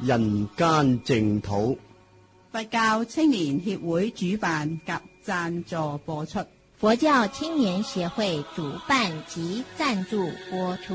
人間淨土，佛教青年協會主辦及贊助播出。佛教青年協會主辦及贊助播出。